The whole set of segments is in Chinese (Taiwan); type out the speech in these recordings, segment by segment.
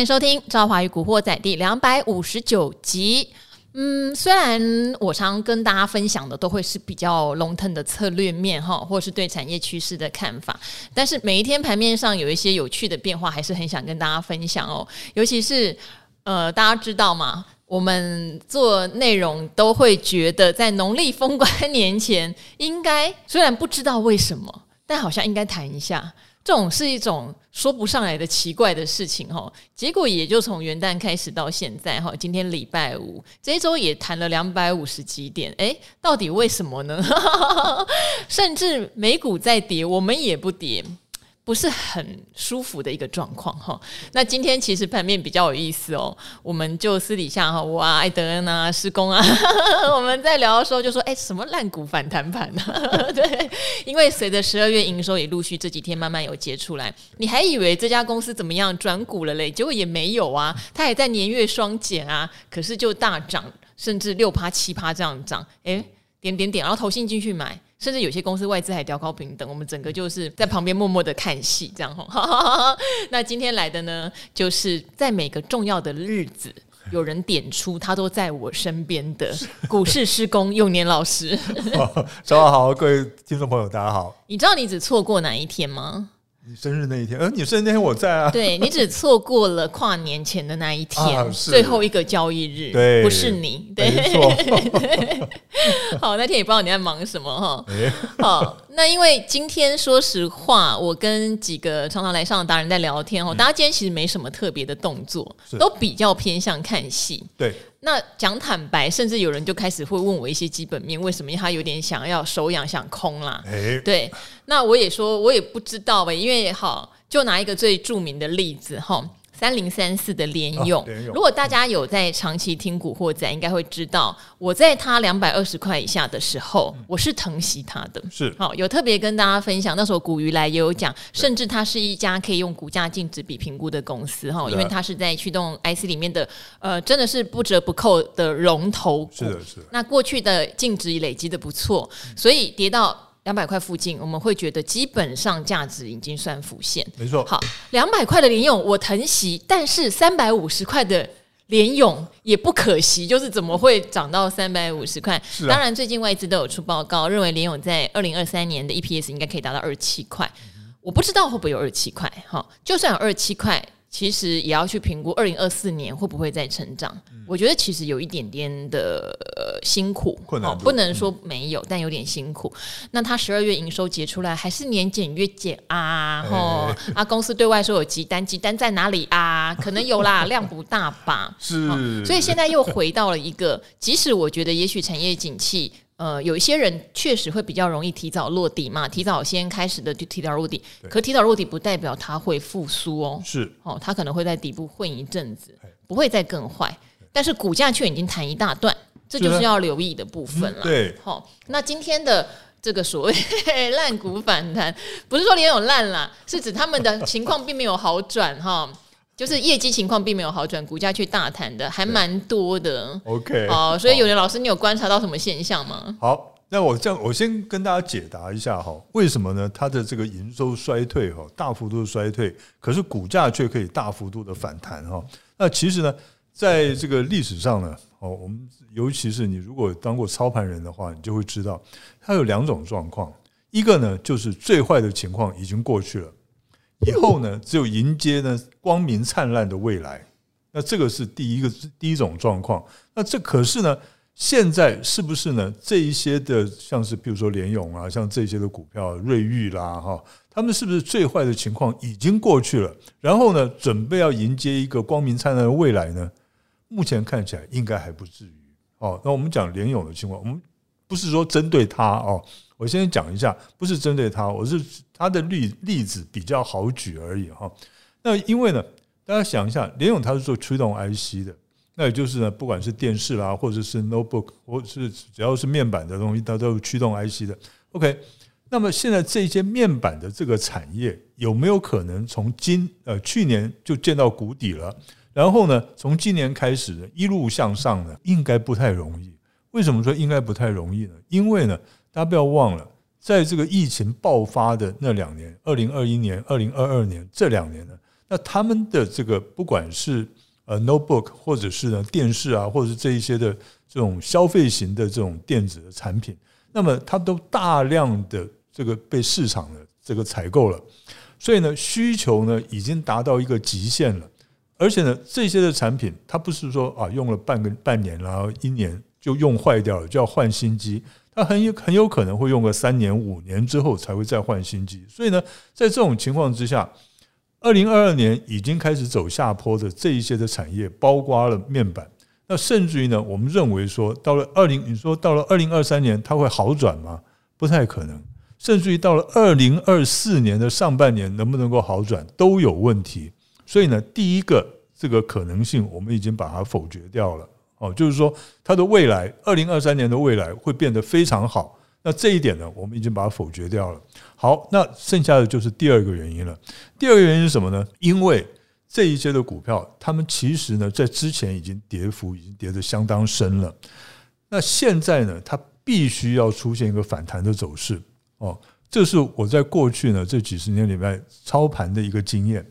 歡迎收聽《趙化宇股惑仔》第兩百五十九集。嗯，雖然我常跟大家分享的都會是比較 long term 的策略面哈，或是對產業趨勢的看法，但是每一天盤面上有一些有趣的變化，還是很想跟大家分享哦。尤其是呃，大家知道嗎？我們做內容都會覺得在農曆封關年前應該，雖然不知道為什麼，但好像應該談一下。這種是一種說不上來的奇怪的事情哈，結果也就從元旦開始到現在哈，今天禮拜五，這一周也談了兩百五十幾點，誒，欸，到底為什麼呢？ 甚至美股在跌，我們也不跌。不是很舒服的一個狀況哈。那今天其實盤面比較有意思哦，我們就私底下哈，我啊艾德恩啊獅公啊，我們在聊的時候就說，哎、欸，什麼爛股反彈盤呢？對，因為隨着十二月營收也陸續這幾天慢慢有結出來，你還以為這家公司怎麼樣轉股了嘞？結果也沒有啊，它也在年月雙減啊，可是就大漲，甚至六趴七趴這樣漲，哎、欸，點點點，然後投信進去買。甚至有些公司外資還調高評等，我們整個就是在旁邊默默的看戲，這樣哈。那今天來的呢，就是在每個重要的日子，有人點出他都在我身邊的股市獅公李永年老師。 哦、早上好，以各位聽眾朋友，大家好。你知道你只錯過哪一天嗎？生日那一天，嗯、呃，你生日那天我在啊，對，你只錯過了跨年前的那一天，啊、最後一個交易日，對，不是你，對，哎、 好，那天也不知道你在忙什麼哈。哦哎、好，那因為今天說實話，我跟幾個常常來上的達人在聊天哦，大家今天其實沒什麼特別的動作，嗯、都比較偏向看戲，對。那講坦白，甚至有人就開始會問我一些基本面，為什麼？因為他有點想要手癢想空啦？哎、對，那我也說，我也不知道唄，因為也好，就拿一個最著名的例子哈。三零三四的聯詠，啊、聯詠如果大家有在長期聽古惑仔，應該會知道，我在他兩百二十塊以下的時候，嗯、我是疼惜他的。是好、哦、有特別跟大家分享，那時候古魚來也有講，嗯、甚至它是一家可以用股價淨值比評估的公司哈，哦、對因為它是在驅動 IC 裡面的，呃，真的是不折不扣的龍頭股。是的，是的。那過去的淨值累積的不錯，嗯、所以跌到。兩百塊附近，我們會覺得基本上價值已經算浮現，沒錯錯。好，兩百塊的聯詠我疼惜，但是三百五十塊的聯詠也不可惜，就是怎麼會漲到三百五十塊？啊、當然，最近外資都有出報告，認為聯詠在二零二三年的 EPS 應該可以達到二十七塊，嗯、哼我不知道會不會有二十七塊。哈，就算有二十七塊。其實也要去評估二零二四年會不會再成長。我覺得其實有一點點的、呃、辛苦、困難、哦，不能說沒有，嗯、但有點辛苦。那他十二月營收結出來還是年減月減啊？哎哎哎哎哦，啊，公司對外說有急單，急單在哪裡啊？可能有啦，量不大吧。 是、哦。所以現在又回到了一個，即使我覺得也許產業景氣。呃，有一些人確實會比較容易提早落底嘛，提早先開始的就提早落底，對可，提早落底不代表他會復甦哦，是哦，他可能會在底部混一陣子，不會再更壞，對但是股價卻已經彈一大段，這就是要留意的部分了、啊。對，好、哦，那今天的這個所謂 爛股反彈，不是說你有爛啦，是指他們的情況並沒有好轉哈。 哦就是業績情況並沒有好轉，股價去大談的還蠻多的。OK，哦，所以永年老師，你有觀察到什麼現象嗎？好，那我這樣，我先跟大家解答一下哈，為什麼呢？它的這個營收衰退哈，大幅度衰退，可是股價卻可以大幅度的反彈哈。那其實呢，在這個歷史上呢，哦，我們尤其是你如果當過操盤人的話，你就會知道，它有兩種狀況，一個呢就是最壞的情況已經過去了。以後呢，只有迎接呢光明燦爛的未來，那這個是第一個第一種狀況。那這可是呢，現在是不是呢？這一些的，像是比如說聯詠啊，像這些的股票瑞昱啦哈、哦，他們是不是最壞的情況已經過去了？然後呢，準備要迎接一個光明燦爛的未來呢？目前看起來應該還不至於哦。那我們講聯詠的情況，我們不是說針對他哦。我先講一下，不是針對他，我是他的例例子比較好舉而已哈。那因為呢，大家想一下，聯詠他是做驅動 IC 的，那也就是呢，不管是電視啦，或者是 notebook，或者是只要是面板的東西，它都有驅動 IC 的。OK，那麼現在這些面板的這個產業有沒有可能從今呃去年就見到谷底了？然後呢，從今年開始一路向上呢？應該不太容易。為什麼說應該不太容易呢？因為呢，大家不要忘了，在這個疫情爆發的那兩年，二零二一年、二零二二年這兩年呢，那他們的這個不管是呃 notebook，或者是呢電視啊，或者是這一些的這種消費型的這種電子的產品，那麼它都大量的這個被市場的這個採購了，所以呢，需求呢已經達到一個極限了，而且呢，這些的產品它不是說啊用了半個半年然後一年就用壞掉了就要換新機。很有很有可能會用個三年五年之後才會再換新機，所以呢，在這種情況之下，二零二二年已經開始走下坡的這一些的產業，包括了面板，那甚至於呢，我們認為說，到了二零，你說到了二零二三年，它會好轉嗎？不太可能，甚至於到了二零二四年的上半年，能不能夠好轉都有問題。所以呢，第一個這個可能性，我們已經把它否決掉了。哦，就是說它的未來，二零二三年的未來會變得非常好。那這一點呢，我們已經把它否決掉了。好，那剩下的就是第二個原因了。第二個原因是什麼呢？因為這一些的股票，它們其實呢，在之前已經跌幅已經跌得相當深了。那現在呢，它必須要出現一個反彈的走勢。哦，這是我在過去呢這幾十年裡面操盤的一個經驗。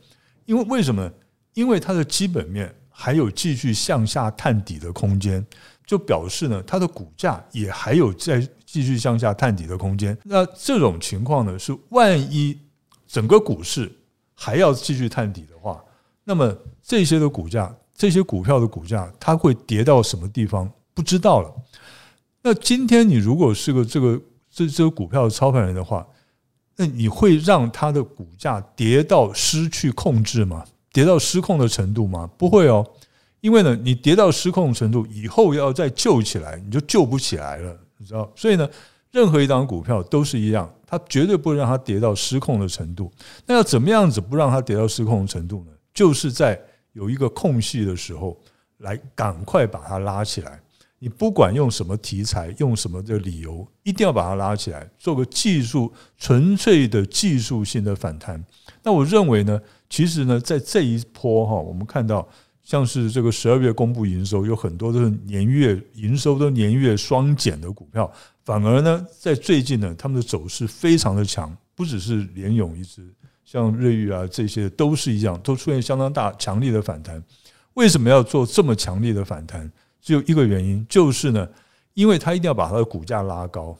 因為為什麼呢？因為它的基本面。還有繼續向下探底的空間，就表示呢，它的股價也還有在繼續向下探底的空間。那這種情況呢，是萬一整個股市還要繼續探底的話，那麼這些的股價，這些股票的股價，它會跌到什麼地方？不知道了。那今天你如果是個這個這這個股票的操盤人的話，那你會讓它的股價跌到失去控制嗎？跌到失控的程度嗎？不會哦，因為呢，你跌到失控的程度以後，要再救起來，你就救不起來了，你知道？所以呢，任何一檔股票都是一樣，它絕對不會讓它跌到失控的程度。那要怎麼樣子不讓它跌到失控的程度呢？就是在有一個空隙的時候，來趕快把它拉起來。你不管用什麼題材，用什麼的理由，一定要把它拉起來，做個技術純粹的技術性的反彈。那我認為呢，其實呢，在這一波哈、哦，我們看到像是這個十二月公布營收，有很多都是年月營收都年月雙減的股票，反而呢，在最近呢，他們的走勢非常的強，不只是聯詠一隻，像瑞昱啊這些都是一樣，都出現相當大強烈的反彈。為什麼要做這麼強烈的反彈？只有一個原因，就是呢，因為它一定要把它的股價拉高。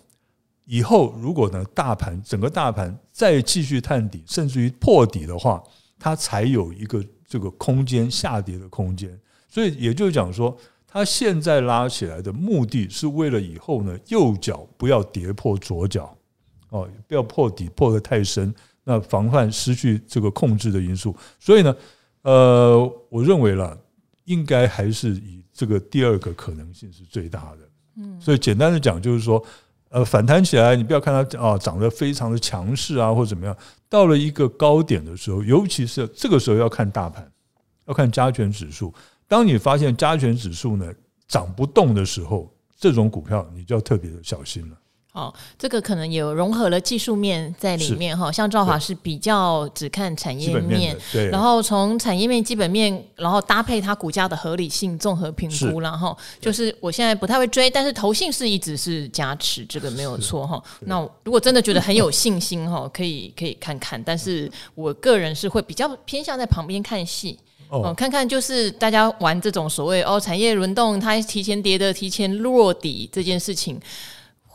以後如果呢，大盤整個大盤再繼續探底，甚至於破底的話，它才有一個這個空間下跌的空間，所以也就是講說，它現在拉起來的目的是為了以後呢，右腳不要跌破左腳，哦，不要破底破得太深，那防範失去這個控制的因素。所以呢，呃，我認為了應該還是以這個第二個可能性是最大的。嗯，所以簡單的講就是說。呃，反彈起來，你不要看它啊，哦、漲得非常的強勢啊，或者怎麼樣。到了一個高點的時候，尤其是這個時候要看大盤，要看加權指數。當你發現加權指數呢漲不動的時候，這種股票你就要特別的小心了。哦，這個可能有融合了技術面在裡面哈，是像趙華是比較只看產業面，對，然後從產業面基本面，然後搭配它股價的合理性綜合評估，是然後就是我現在不太會追，對但是投信是一直是加持，這個沒有錯哈。那如果真的覺得很有信心哈，可以可以看看，但是我個人是會比較偏向在旁邊看戲哦，看看就是大家玩這種所謂哦產業輪動，它提前跌的提前落底這件事情。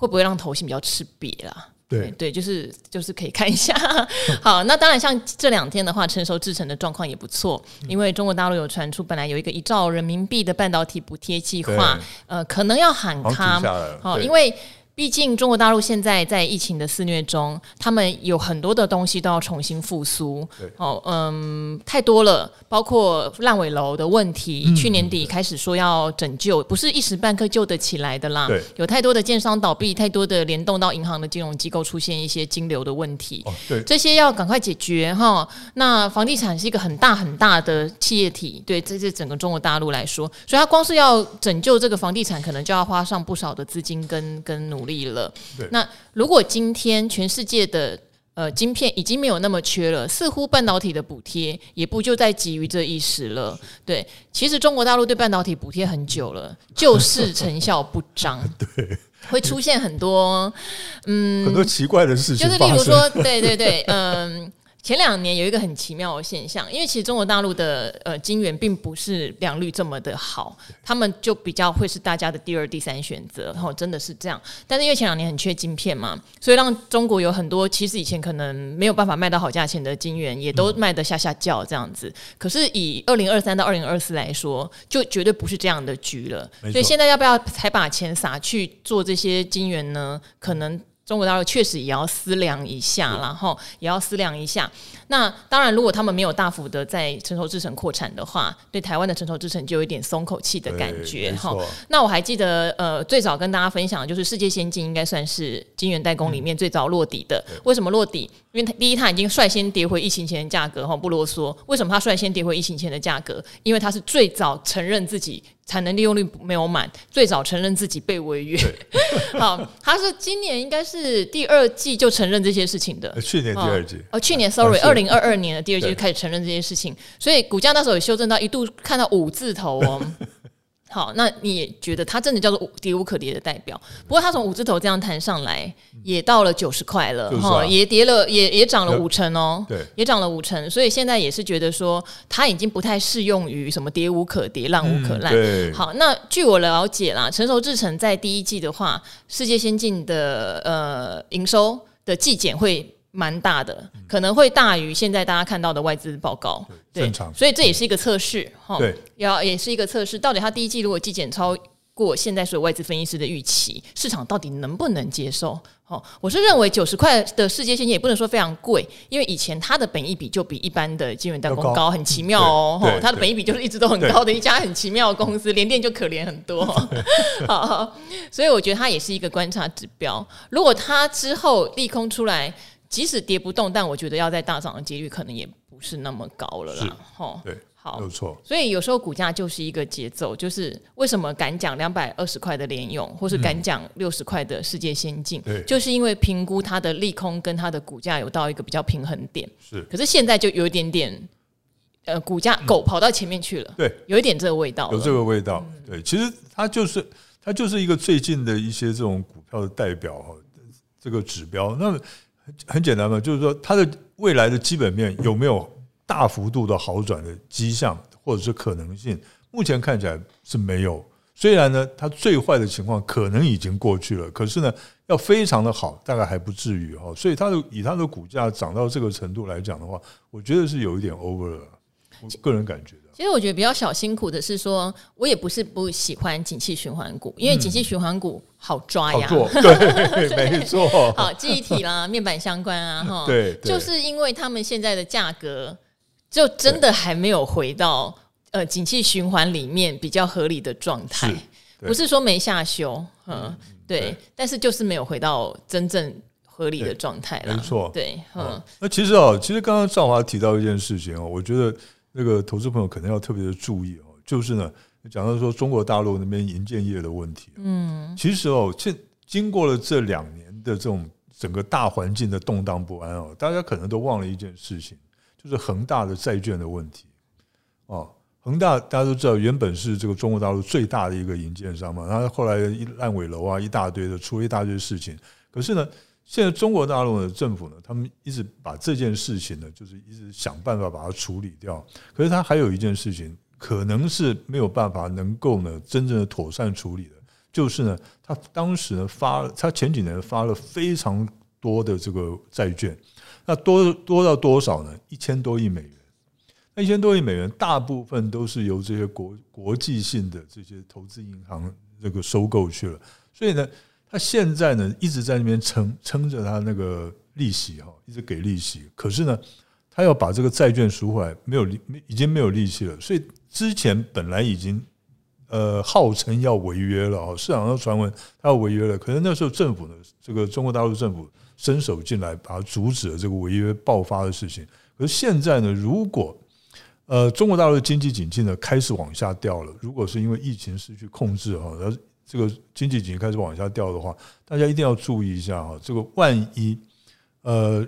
會不會讓投信比較吃癟了？對對，就是就是可以看一下。 好，那當然，像這兩天的話，成熟製程的狀況也不錯，嗯、因為中國大陸有傳出本來有一個一兆人民幣的半導體補貼計劃，對呃，可能要喊卡。好，哦、對因為。畢竟中國大陸現在在疫情的肆虐中，他們有很多的東西都要重新復甦。對哦，嗯，太多了，包括爛尾樓的問題。嗯、去年底開始說要拯救，對不是一時半刻救得起來的啦。對。有太多的建商倒閉，太多的聯動到銀行的金融機構出現一些金流的問題。哦，對。這些要趕快解決哈、哦。那房地產是一個很大很大的企業體，對，這是整個中國大陸來說，所以他光是要拯救這個房地產，可能就要花上不少的資金跟跟努。努力了。對那如果今天全世界的呃晶片已經沒有那麼缺了，似乎半導體的補貼也不就再急於這一時了。對，其實中國大陸對半導體補貼很久了，就是成效不彰， 對，會出現很多嗯很多奇怪的事情，就是例如說，對對對， 嗯。前兩年有一個很奇妙的現象，因為其實中國大陸的呃晶圓並不是良率這麼的好，他們就比較會是大家的第二、第三選擇，然、哦、後真的是這樣。但是因為前兩年很缺晶片嘛，所以讓中國有很多其實以前可能沒有辦法賣到好價錢的晶圓也都賣得下下叫這樣子。嗯、可是以二零二三到二零二四來說，就絕對不是這樣的局了。錯所以現在要不要才把錢撒去做這些晶圓呢？可能。中國大陸確實也要思量一下，然後對也要思量一下。那當然，如果他們沒有大幅的在成熟製程擴產的話，對台灣的成熟製程就有一點鬆口氣的感覺。哈，那我還記得，呃，最早跟大家分享的就是世界先進，應該算是晶圓代工裡面最早落底的。嗯、為什麼落底？因為第一，他已經率先跌回疫情前的價格，哈，不囉嗦。為什麼他率先跌回疫情前的價格？因為他是最早承認自己。產能利用率沒有滿，最早承認自己被違約。對 好，他說今年應該是第二季就承認這些事情的。去年第二季哦，哦，去年 sorry，二零二二年的第二季就開始承認這些事情，對所以股價那時候也修正到一度看到五字頭哦。 好，那你也覺得它真的叫做“跌無可跌”的代表？不過它從五字頭這樣彈上來，也到了九十塊了，哈、啊哦，也跌了，也也漲了五成哦，對，也漲了五成，所以現在也是覺得說，它已經不太適用於什麼“跌無可跌、浪無可浪”嗯。對好，那據我了解啦，成熟製程在第一季的話，世界先進的呃營收的季減會。蠻大的，可能會大於現在大家看到的外資報告。對對正常，所以這也是一個測試，哈。對，要齁對也是一個測試，到底它第一季如果季減超過現在所有外資分析師的預期，市場到底能不能接受？我是認為九十塊的世界先進也不能說非常貴，因為以前它的本益比就比一般的晶圓代工高，很奇妙哦。它的本益比就是一直都很高的一家很奇妙的公司，對聯電就可憐很多。 所以我覺得它也是一個觀察指標。如果它之後利空出來，即使跌不動，但我覺得要在大漲的幾率可能也不是那麼高了啦。對，好，沒有錯。所以有時候股價就是一個節奏，就是為什麼敢講兩百二十塊的聯詠，或是敢講六十塊的世界先進，嗯、就是因為評估它的利空跟它的股價有到一個比較平衡點。是對，可是現在就有一點點，呃，股價狗跑到前面去了，對，嗯、有一點這個味道，有這個味道。對，其實它就是它就是一個最近的一些這種股票的代表，這個指標，那。很很簡單嘛，就是說它的未來的基本面有沒有大幅度的好轉的跡象，或者是可能性？目前看起來是沒有。雖然呢，它最壞的情況可能已經過去了，可是呢，要非常的好，大概還不至於哦。所以它的以它的股價漲到這個程度來講的話，我覺得是有一點 over 了。我個人感覺的，其實我覺得比較小辛苦的是說，我也不是不喜歡景氣循環股，因為景氣循環股好抓呀、嗯好，對，沒錯 對，好，記憶體啦， 面板相關啊，哈，對，就是因為他們現在的價格，就真的還沒有回到對呃景氣循環裡面比較合理的狀態，不是說沒下修，呃嗯、對，對但是就是沒有回到真正合理的狀態啦沒錯，對、嗯哦，那其實哦，其實剛剛趙華提到一件事情哦，我覺得。那個投資朋友可能要特別的注意哦，就是呢，講到說中國大陸那邊營建業的問題，嗯，其實哦，這經過了這兩年的這種整個大環境的動盪不安哦，大家可能都忘了一件事情，就是恆大的債券的問題哦。恆大大家都知道，原本是這個中國大陸最大的一個營建商嘛，然後後來一爛尾樓啊一大堆的，出了一大堆事情，可是呢。現在中國大陸的政府呢，他們一直把這件事情呢，就是一直想辦法把它處理掉。可是他還有一件事情，可能是沒有辦法能夠呢，真正的妥善處理的，就是呢，他當時呢發，他前幾年發了非常多的這個債券，那多多到多少呢？一千多億美元。那一千多億美元，大部分都是由這些國國際性的這些投資銀行這個收購去了，所以呢。他現在呢，一直在那邊撐撐着他的那個利息哈，一直給利息。可是呢，他要把這個債券贖回來，沒有利，已經沒有利息了。所以之前本來已經呃號稱要違約了，市場上傳聞他要違約了。可是那時候政府呢，這個中國大陸政府伸手進來，把它阻止了這個違約爆發的事情。可是現在呢，如果呃中國大陸的經濟景氣呢開始往下掉了，如果是因為疫情失去控制哈，哦這個經濟已經開始往下掉的話，大家一定要注意一下哈。這個萬一，呃，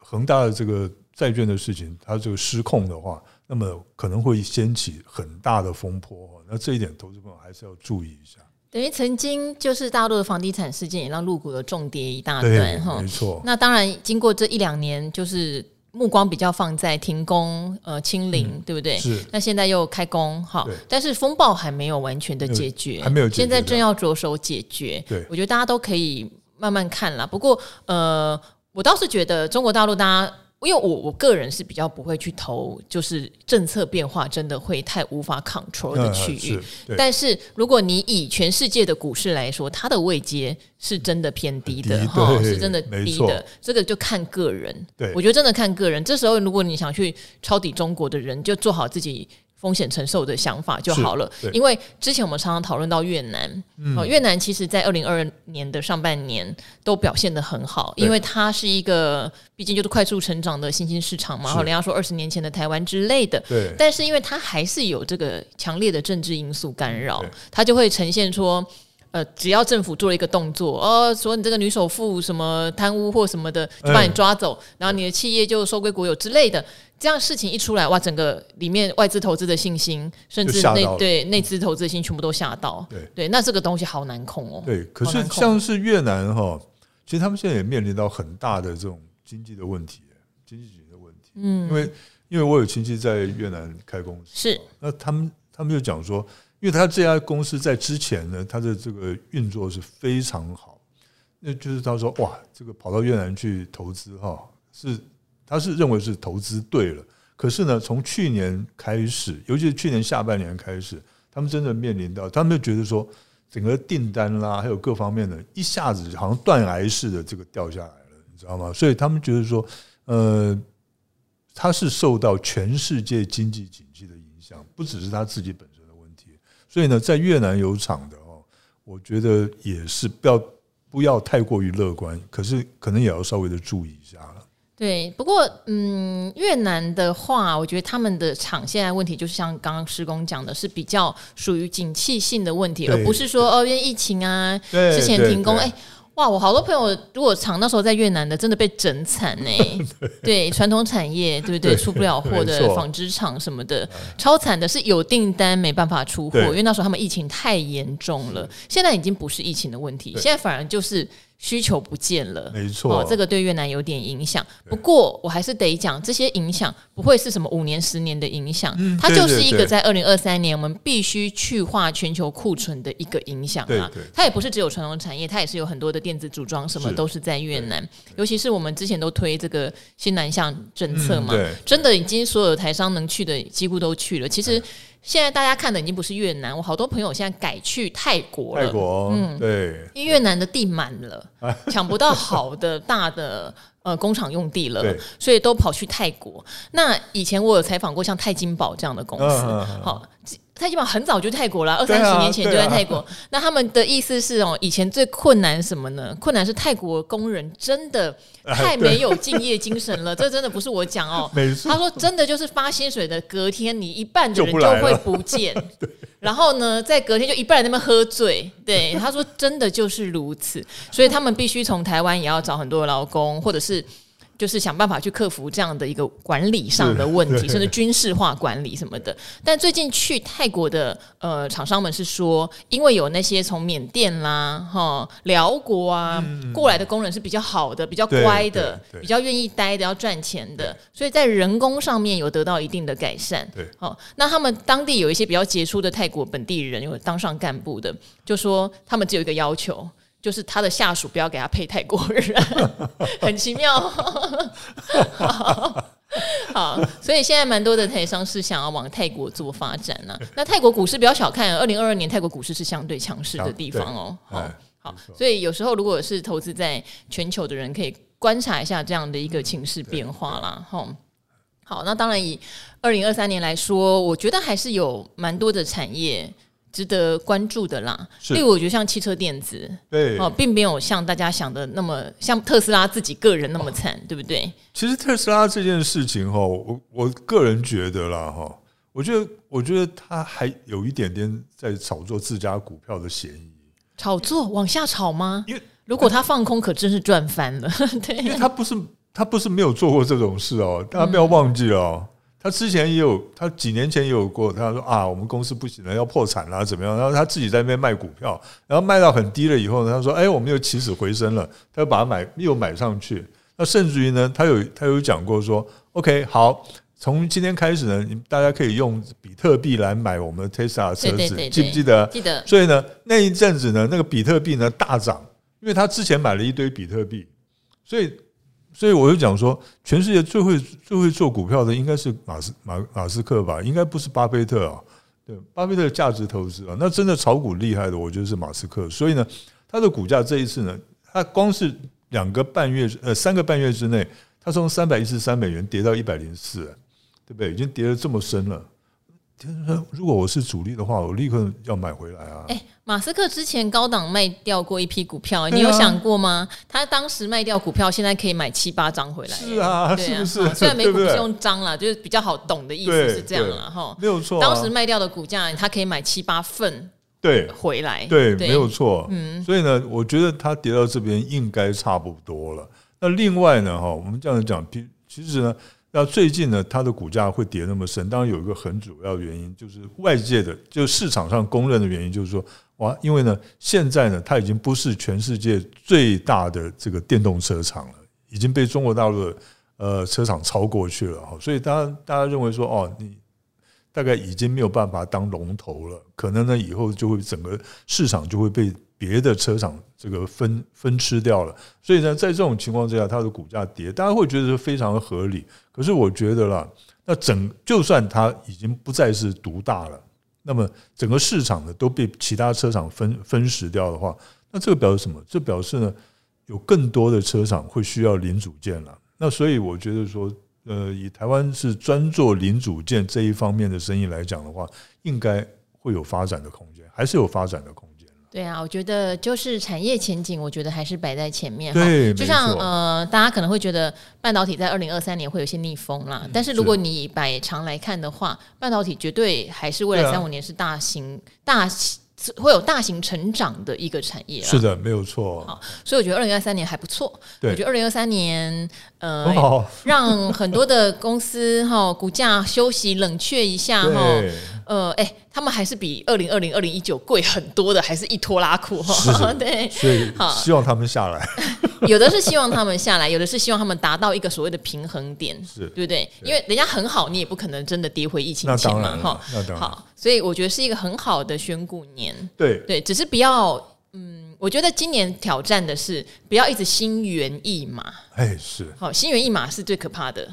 恆大的這個債券的事情，它這個失控的話，那麼可能會掀起很大的風波。那這一點，投資朋友還是要注意一下。等於曾經就是大陸的房地產事件，也讓陸股又重跌一大段哈。沒錯。哦。那當然，經過這一兩年，就是。目光比較放在停工、呃清零，嗯、對不對？是。那現在又開工，好，對但是風暴還沒有完全的解決，還沒有解決。現在正要着手解決。對。我覺得大家都可以慢慢看啦。不過，呃，我倒是覺得中國大陸大家。因為我我個人是比較不會去投，就是政策變化真的會太無法 control 的區域。但是如果你以全世界的股市來說，它的位階是真的偏低的哈，是真的低的。這個就看個人。我覺得真的看個人。這時候如果你想去抄底中國的人，就做好自己風險承受的想法就好了，因為之前我們常常討論到越南，哦、嗯，越南其實在二零二二年的上半年都表現得很好，對因為它是一個畢竟就是快速成長的新興市場嘛，是然後人家說二十年前的台灣之類的，對。但是因為它還是有這個強烈的政治因素干擾，嗯、它就會呈現出，呃，只要政府做了一個動作，哦，說你這個女首富什麼貪污或什麼的，就把你抓走，嗯、然後你的企業就收歸國有之類的。這樣事情一出來，哇，整個裡面外資投資的信心，甚至內對內資投資的信心全部都嚇到。對對，那這個東西好難控哦。對，可是像是越南哈，其實他們現在也面臨到很大的這種經濟的問題，經濟的問題。嗯，因為因為我有親戚在越南開公司，是那他們他們就講說，因為他這家公司在之前呢，他的這個運作是非常好，那就是他說哇，這個跑到越南去投資哈是。他是認為是投資對了，可是呢，從去年開始，尤其是去年下半年開始，他們真的面臨到，他們就覺得說，整個訂單啦，還有各方面的，一下子好像斷崖式的這個掉下來了，你知道嗎？所以他們覺得說，呃，他是受到全世界經濟景氣的影響，不只是他自己本身的問題。所以呢，在越南有廠的哦，我覺得也是不要不要太過於樂觀，可是可能也要稍微的注意一下。對，不過嗯，越南的話，我覺得他們的廠現在問題就是像剛剛獅公講的，是比較屬於景氣性的問題，而不是說哦，因為疫情啊，之前停工。哎，哇，我好多朋友如果廠那時候在越南的，真的被整慘誒，對，傳統產業對不對？出不了貨的紡織廠什麼的，超慘的，是有訂單沒辦法出貨，因為那時候他們疫情太嚴重了。現在已經不是疫情的問題，現在反而就是。需求不見了，沒錯啊。哦，這個對越南有點影響。對。不過我還是得講，這些影響不會是什麼五年、十年的影響，它就是一個在二零二三年我們必須去化全球庫存的一個影響啊。它也不是只有傳統產業，它也是有很多的電子組裝什麼都是在越南，尤其是我們之前都推這個新南向政策嘛，真的已經所有台商能去的幾乎都去了。其實。現在大家看的已經不是越南，我好多朋友現在改去泰國了。泰國嗯，對，因為越南的地滿了，搶不到好的大的 呃工廠用地了，對所以都跑去泰國。那以前我有採訪過像泰金寶這樣的公司，啊啊啊、好。他基本上很早就去泰國了，二三十年前就在泰國。啊啊、那他們的意思是哦，以前最困難什麼呢？困難是泰國工人真的太沒有敬業精神了。哎、 這真的不是我講哦，沒錯他說真的就是發薪水的隔天，你一半的人就，就會不見。 對然後呢，在隔天就一半人在那邊喝醉。對，他說真的就是如此，所以他們必須從台灣也要找很多的勞工，或者是。就是想辦法去克服這樣的一個管理上的問題，甚至軍事化管理什麼的。但最近去泰國的呃廠商們是說，因為有那些從緬甸啦、啊、哈、哦、寮國啊、嗯、過來的工人是比較好的、比較乖的、比較願意待的、要賺錢的，對所以在人工上面有得到一定的改善。對、哦，那他們當地有一些比較傑出的泰國本地人有當上幹部的，就說他們只有一個要求。就是他的下屬不要給他配泰國人， 很奇妙、哦好好。好，所以現在蠻多的台商是想要往泰國做發展、啊、那泰國股市比較小看，二零二二年泰國股市是相對強勢的地方哦。好，好，所以有時候如果是投資在全球的人，可以觀察一下這樣的一個情勢變化啦。好，好，那當然以二零二三年來說，我覺得還是有蠻多的產業。值得關注的啦，所以是我覺得像汽車電子，對哦，並沒有像大家想的那麼像特斯拉自己個人那麼慘，哦、對不對？其實特斯拉這件事情哈、哦，我我個人覺得啦哈、哦，我覺得我覺得他還有一點點在炒作自家股票的嫌疑，炒作往下炒嗎？因為如果他放空，可真是賺翻了。 對，因為他不是他不是沒有做過這種事哦，大家不要忘記哦。嗯他之前也有，他幾年前也有過。他說啊，我們公司不行了，要破產了，啊，怎麼樣？然後他自己在那邊賣股票，然後賣到很低了以後呢，他說：“哎，我們又起死回生了。”他又把它買又買上去。那甚至於呢，他有他有講過說：“OK，好，從今天開始呢，大家可以用比特幣來買我們的 Tesla 車子，對對對，記不記得？記得。所以呢，那一陣子呢，那個比特幣呢大漲，因為他之前買了一堆比特幣，所以。所以我就講說，全世界最會最會做股票的應該是馬斯馬馬斯克吧，應該不是巴菲特啊、哦，對，巴菲特的價值投資啊，那真的炒股厲害的，我覺得是馬斯克。所以呢，他的股價這一次呢，他光是兩個半月呃三個半月之內，他從三百一十三美元跌到一百零四，對不對？已經跌了這麼深了。如果我是主力的話，我立刻要買回來啊！哎、欸，馬斯克之前高檔賣掉過一批股票，你有想過嗎？啊、他當時賣掉股票，現在可以買七八張回來。是啊，啊是不是？啊、雖然美股不是用張了，對對，就是比較好懂的意思，是這樣了哈。沒有錯、啊，當時賣掉的股價，他可以買七八份。對、呃，回來。對，對沒有錯。嗯，所以呢，我覺得他跌到這邊應該差不多了。那另外呢，哈，我們這樣講，其實呢。那最近呢，它的股價會跌那麼深，當然有一個很主要原因，就是外界的，就市場上公認的原因，就是說，哇，因為呢，現在呢，它已經不是全世界最大的這個電動車廠了，已經被中國大陸的呃車廠超過去了哈，所以大家大家認為說，哦，你大概已經沒有辦法當龍頭了，可能呢以後就會整個市場就會被。別的車廠這個分分吃掉了，所以呢，在這種情況之下，它的股價跌，大家會覺得是非常的合理。可是我覺得啦，那整就算它已經不再是獨大了，那麼整個市場呢都被其他車廠分分食掉的話，那這個表示什麼？這表示呢，有更多的車廠會需要零組件了。那所以我覺得說，呃，以台灣是專做零組件這一方面的生意來講的話，應該會有發展的空間，還是有發展的空間。對啊，我覺得就是產業前景，我覺得還是擺在前面哈。對，就像沒錯呃，大家可能會覺得半導體在二零二三年會有些逆風啦，嗯、但是如果你以擺長來看的話，是半導體絕對還是未來三五年是大型、啊、大型大型會有大型成長的一個產業。是的，沒有錯。好，所以我覺得二零二三年還不錯。對，我覺得二零二三年呃，很好 讓很多的公司哈、哦、股價休息冷卻一下哈對、哦。呃，誒他們還是比二零二零二零一九貴很多的，還是一拖拉庫、哦。是的對，所以的好希望他們下來。 有的是希望他們下來，有的是希望他們達到一個所謂的平衡點，是的，對不對？的因為人家很好，你也不可能真的跌回疫情前嘛，哈，那當然好。所以我覺得是一個很好的選股年。對對，只是不要，嗯，我覺得今年挑戰的是不要一直心猿意馬。哎，是，好，心猿意馬是最可怕的。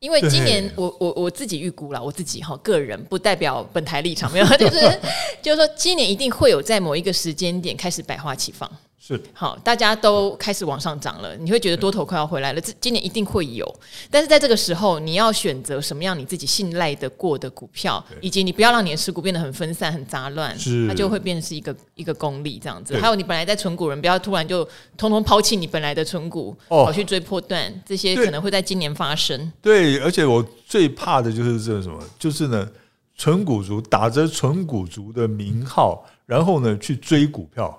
因為今年我對我我自己預估了，我自己哈，個人不代表本台立場，沒有就是 就是說今年一定會有在某一個時間點開始百花齊放。是好，大家都開始往上漲了，你會覺得多頭快要回來了。這對今年一定會有，但是在這個時候，你要選擇什麼樣你自己信賴得過的股票，對以及你不要讓你的持股變得很分散、很雜亂，是它就會變成是一個一個功力這樣子。對還有你本來在存股人，不要突然就通通拋棄你本來的存股，哦、跑去追波段，這些可能會在今年發生對。對，而且我最怕的就是這個什麼，就是呢，存股族打着存股族的名號，然後呢去追股票。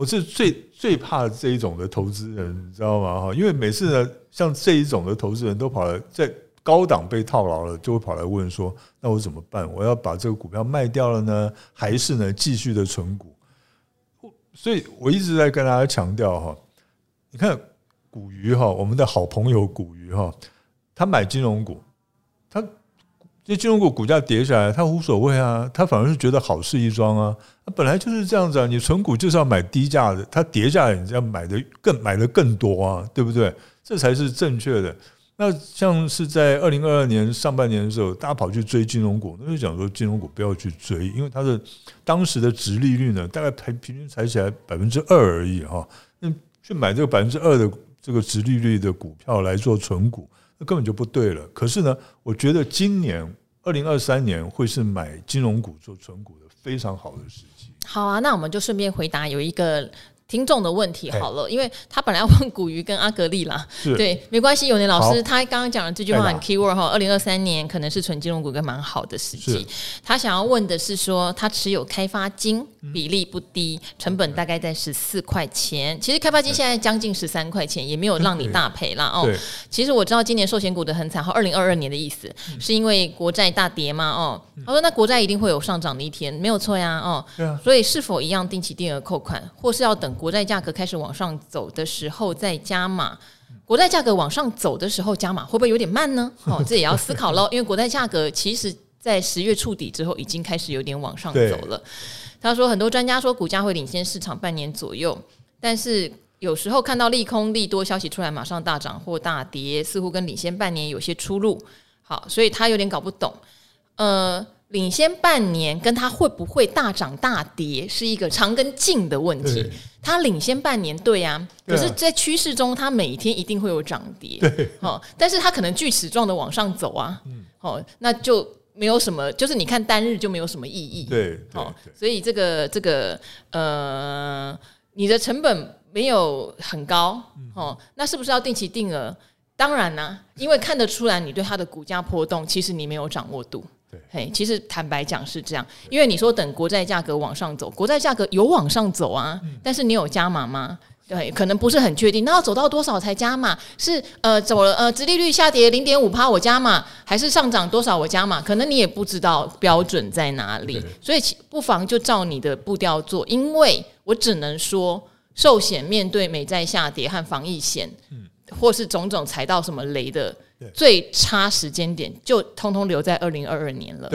我是最最怕這一種的投資人，你知道嗎？哈，因為每次呢，像這一種的投資人都跑來在高檔被套牢了，就會跑來問說：“那我怎麼辦？我要把這個股票賣掉了呢，還是呢繼續的存股？”所以我一直在跟大家強調哈，你看股魚哈，我們的好朋友股魚哈，他買金融股。因為金融股股價跌下來，他無所謂啊，他反而是覺得好事一樁啊。本來就是這樣子啊，你存股就是要買低價的，他跌下來你就，你要買的更買的更多啊，對不對？這才是正確的。那像是在二零二二年上半年的時候，大家跑去追金融股，那就講說金融股不要去追，因為它的當時的殖利率呢，大概平平均才起來百分之二而已哈、哦。那去買這個百分之二的這個殖利率的股票來做存股，那根本就不對了。可是呢，我覺得今年。二零二三年會是買金融股做存股的非常好的時機。好啊，那我們就順便回答有一個聽眾的問題好了，因為他本來要問股魚跟阿格力啦，欸、對，沒關係，永年老師。好 他剛剛講的這句話很 key word 哈、喔，二零二三年可能是存金融股一個蠻好的時機。他想要問的是說，他持有開發金，比例不低，成本大概在十四塊錢。其實開發金現在將近十三塊錢，嗯、也沒有讓你大賠啦哦。其實我知道今年壽險股的很慘，和二零二二年的意思、嗯、是因為國債大跌嘛哦。他、嗯、說那國債一定會有上漲的一天，沒有錯呀哦。啊、所以是否一樣定期定額扣款，或是要等國債價格開始往上走的時候再加碼？國債價格往上走的時候加碼，會不會有點慢呢？哦，這也要思考嘍。 因為國債價格其實在十月觸底之後，已經開始有點往上走了。他說：“很多專家說股價會領先市場半年左右，但是有時候看到利空、利多消息出來，馬上大漲或大跌，似乎跟領先半年有些出入。好，所以他有點搞不懂。呃，領先半年跟他會不會大漲大跌是一個長跟近的問題。它對領先半年，對呀、啊，可是在趨勢中，它每天一定會有漲跌。好對、哦，但是它可能鋸齒狀的往上走啊。嗯，好、哦，那就。”沒有什麼，就是你看單日就沒有什麼意義。對，哦，所以這個這個呃，你的成本沒有很高、嗯、哦，那是不是要定期定額？當然啦、啊，因為看得出來你對它的股價波動，其實你沒有掌握度。對，嘿，其實坦白講是這樣，因為你說等國債價格往上走，國債價格有往上走啊，嗯、但是你有加碼嗎？對，可能不是很確定，那要走到多少才加碼？是呃，走了呃，殖利率下跌零點五趴我加碼，還是上漲多少我加碼？可能你也不知道標準在哪裡？對對對，所以不妨就照你的步調做，因為我只能說，壽險面對美債下跌和防疫險，嗯、或是種種踩到什麼雷的最差時間點，就通通留在二零二二年了。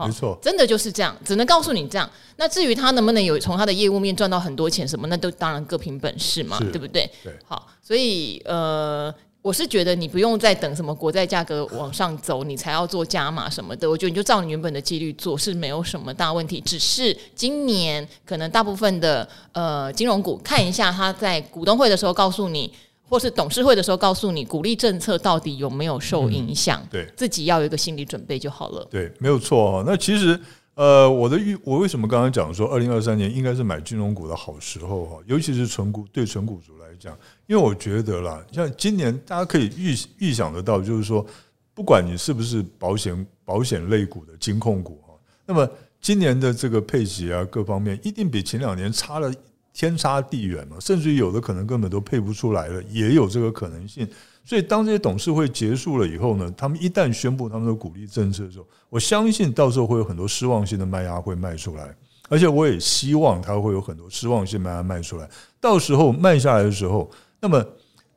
好沒錯，真的就是這樣，只能告訴你這樣。那至於他能不能有從他的業務面賺到很多錢什麼，那都當然各憑本事嘛，是是 對不對？對，好，所以呃，我是覺得你不用再等什麼國債價格往上走，你才要做加碼什麼的。我覺得你就照你原本的紀律做是沒有什麼大問題。只是今年可能大部分的呃金融股，看一下他在股東會的時候告訴你。或是董事會的時候告訴你，鼓勵政策到底有沒有受影響、嗯？對，自己要有一個心理準備就好了。對，沒有錯。那其實，呃，我的預，我為什麼剛剛講說，二零二三年應該是買金融股的好時候哈，尤其是存股對存股族來講，因為我覺得啦，像今年大家可以預預想得到，就是說，不管你是不是保險保險類股的金控股哈，那麼今年的這個配息啊，各方面一定比前兩年差了。天差地遠嘛，甚至於有的可能根本都配不出來了，也有這個可能性。所以，當這些董事會結束了以後呢，他們一旦宣布他們的股利政策的時候，我相信到時候會有很多失望性的賣壓會賣出來，而且我也希望他會有很多失望性賣壓賣出來。到時候賣下來的時候，那麼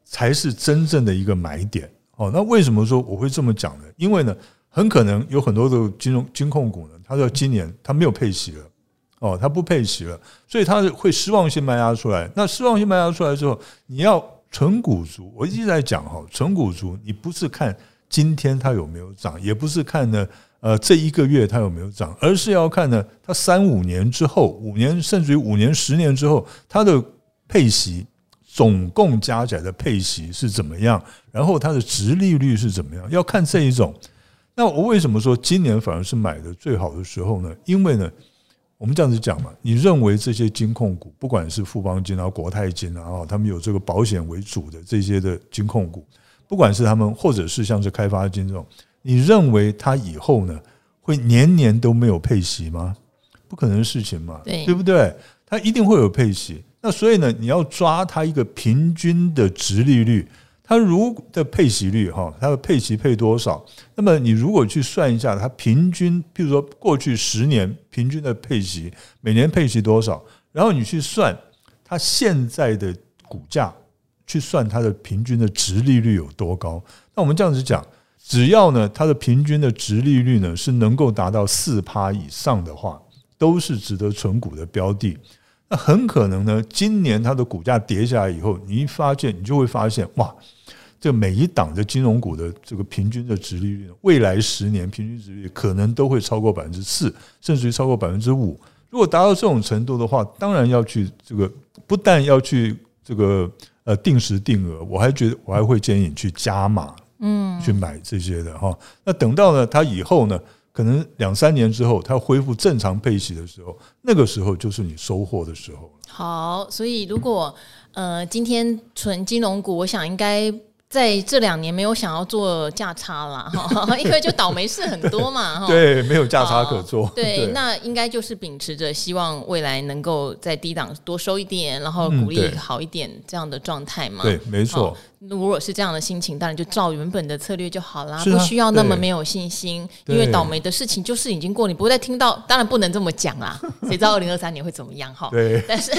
才是真正的一個買點。哦，那為什麼說我會這麼講呢？因為呢，很可能有很多的金融金控股呢，它到今年它沒有配息了。哦，它不配息了，所以它會失望性賣壓出來。那失望性賣壓出來之後，你要存股族，我一直在講哈，存股族，你不是看今天它有沒有漲，也不是看呢，呃，這一個月它有沒有漲，而是要看呢，它三五年之後，五年甚至於五年十年之後，它的配息總共加起來的配息是怎麼樣，然後它的殖利率是怎麼樣，要看這一種。那我為什麼說今年反而是買的最好的時候呢？因為呢，我們這樣子講嘛，你認為這些金控股，不管是富邦金啊、國泰金啊，他們有這個保險為主的這些的金控股，不管是他們，或者是像是開發金這種，你認為它以後呢會年年都沒有配息嗎？不可能的事情嘛，對不對？它一定會有配息。那所以呢，你要抓它一個平均的殖利率。它如的配息率哈，它的配息配多少？那麼你如果去算一下，它平均，譬如說過去十年平均的配息，每年配息多少？然後你去算它現在的股價，去算它的平均的殖利率有多高？那我們這樣子講，只要呢它的平均的殖利率呢是能夠達到四趴以上的話，都是值得存股的標的。那很可能呢，今年它的股價跌下來以後，你一發現，你就會發現，哇，這每一檔的金融股的這個平均的殖利率，未來十年平均殖利率可能都會超過百分之四，甚至於超過百分之五。如果達到這種程度的話，當然要去這個，不但要去這個，呃，定時定額，我還覺得我還會建議你去加碼，嗯，去買這些的哈。嗯、那等到呢，它以後呢？可能兩三年之後，它恢復正常配息的時候，那個時候就是你收穫的時候。好，所以如果、嗯、呃，今天存金融股，我想應該。在這兩年沒有想要做價差啦，因為就倒霉事很多嘛。對，沒有價差可做。對，那應該就是秉持着希望未來能夠在低檔多收一點，然後鼓勵好一點這樣的狀態嘛。對，沒錯。如果是這樣的心情，當然就照原本的策略就好啦，不需要那麼沒有信心。因為倒霉的事情就是已經過，你不會再聽到。當然不能這麼講啦，誰知道二零二三年會怎麼樣哈？對，但是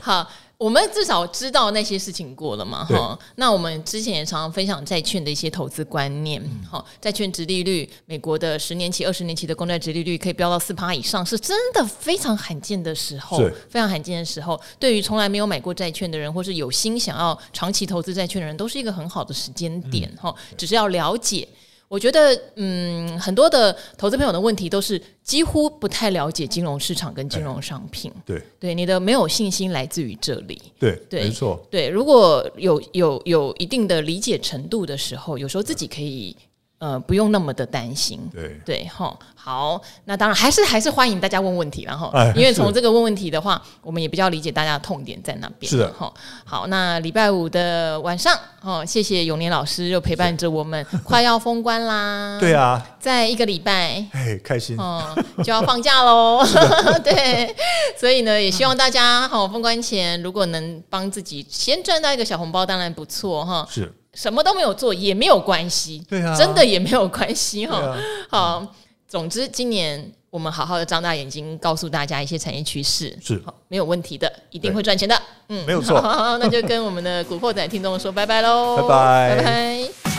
好。我們至少知道那些事情過了嘛，哈對。那我們之前也常常分享債券的一些投資觀念，哈、嗯，債券殖利率，美國的十年期、二十年期的公債殖利率可以飆到四趴以上，是真的非常罕見的時候，對非常罕見的時候，對於從來沒有買過債券的人，或是有心想要長期投資債券的人，都是一個很好的時間點，哈、嗯，只是要了解。我覺得，嗯，很多的投資朋友的問題都是幾乎不太了解金融市場跟金融商品，哎，對對，你的沒有信心來自於這裡，對對，對沒錯，對，如果有有有一定的理解程度的時候，有時候自己可以。呃，不用那麼的擔心。對對，哈，好，那當然還是還是歡迎大家問問題，然後，因為從這個問問題的話，我們也比較理解大家的痛點在那邊。是的，哈，好，那禮拜五的晚上，哦，謝謝永年老師又陪伴着我們，是快要封關啦。 對啊，再一個禮拜，哎，開心哦，就要放假嘍。 是的 對，所以呢，也希望大家好，封關前如果能幫自己先賺到一個小紅包，當然不錯哈。是。什麼都沒有做也沒有關係，對啊、真的也沒有關係哈。對啊、好，嗯、總之今年我們好好的張大眼睛，告訴大家一些產業趨勢，是好沒有問題的，一定會賺錢的，對嗯，沒有錯。好，好，好，那就跟我們的古惑仔聽眾說 拜拜嘍，拜拜拜拜。拜拜。